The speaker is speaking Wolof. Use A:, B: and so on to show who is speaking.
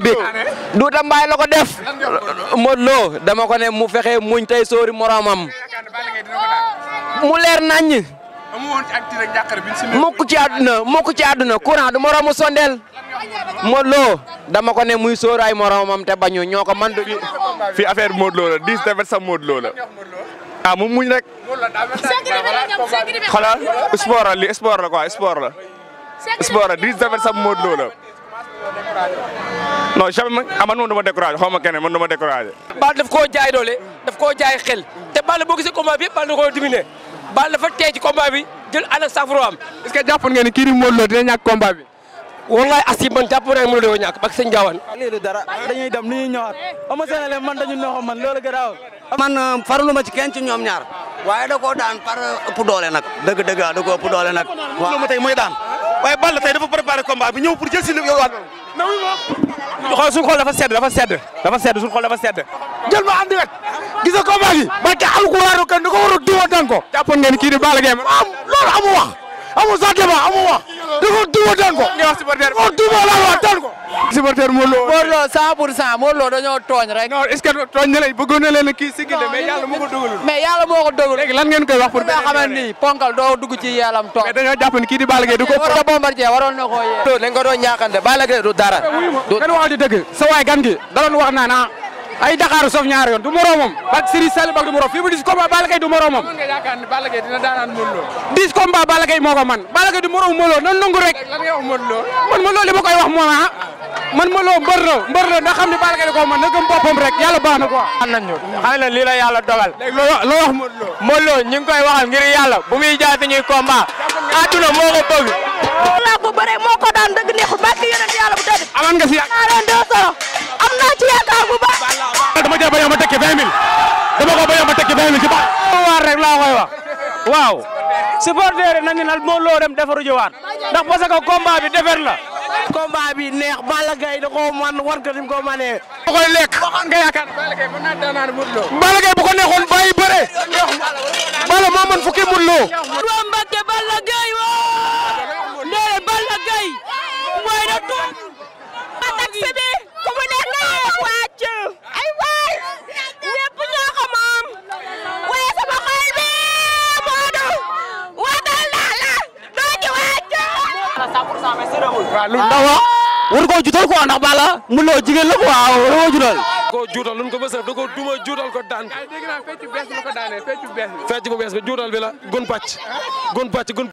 A: bi Duuta Mbaay la ko def Modou Lo dama ko ne mu fexe muñ tey sóori moromam mu leer naññ mukk ci àdduna mukk ci àdduna courant du sondeel Modou Lo dama ko ne muy sóor ay moromam te bañu ñoo ko man fi fii affaire Modou la dix defet sa Modou Lo la ah mu muñ rek xala la li la quoi defet sa Modou Lo la non jamais man ah man moom dama découragé xaw ma keneen man dama découragé. Balla daf jaay doole daf koo jaay xel te Balla boo gisee combat bi da koo dominé Balla dafa tey ci combat bi jël ànd ak ngeen ni kii di Modou Lo dina ñàkk combat bi. wallaay as yi man jàpp naa a ñàkk bak dañuy dem ni ñuy ñëwaat ama seen leen man dañu neexoon man loolu man um, farlu ma ci kenn ci ñoom ñaar waaye da daan par uh, ëpp doole nag. dëgg dëgg da koo ëpp doole xool suñu xool dafa sedd dafa sedd dafa sedd suñu xool dafa sedd. jël ma andi rek gis nga combat bi barke alxuraanu kan da ko war a duma dan ko. jàppoon ngeen kii di Balla Gaye am loolu amul wax amul sax débat amul wax da ko dan ko. supporter Modou Lo. Modou Lo 100 pour 100 Modou Lo tooñ rek. non tooñ na leen na kii sigil mais yàlla moo ko dogalul. mais yàlla moo ko dogalul. ngeen koy wax doo dugg ci yàllam toog. mais dañoo jàpp ni kii di Balla Gaye du ko. war a bombardier waroon na koo yee. dañ ko doon ñaaxante Balla Gaye du dara. ay Dakar soof ñaar yoon du moroomam. bak Serigne Sall du moroom fii mu 10 combat du moroomam. mën nga yaakaar ne Balla du moroom Modou nan nangu rek. man Modou li ma koy wax moom ah. man Modou Lo mbër la mbër la ndax xam ne Balla Gaye da koo man na gëm boppam rek yàlla baax na quoi. xam nañ ñu xam na lii la wax Modou Lo. Modou Lo ñu ngi koy waxal ngir yàlla bu muy jaay suñuy bëgg. laa daan dëgg neexul bàkk tekki 20000 dama ko bañoon ba tekki 20000 ci ba. waar rek laa koy wax bi defar la. bi neex Balla Gaye da ko lim koo mënee. da Balla Gaye mën naa daanaan Modou Lo. Balla Balla moo mën fukki Balla Gaye waaw lu ndaw la war ko jutal quoi ndax mu loo jigéen la quoi waaw war koo jutal. koo juutal lu ko bës def da koo duma juutal ko daan. fecc bu bees bi la gon pàcc gon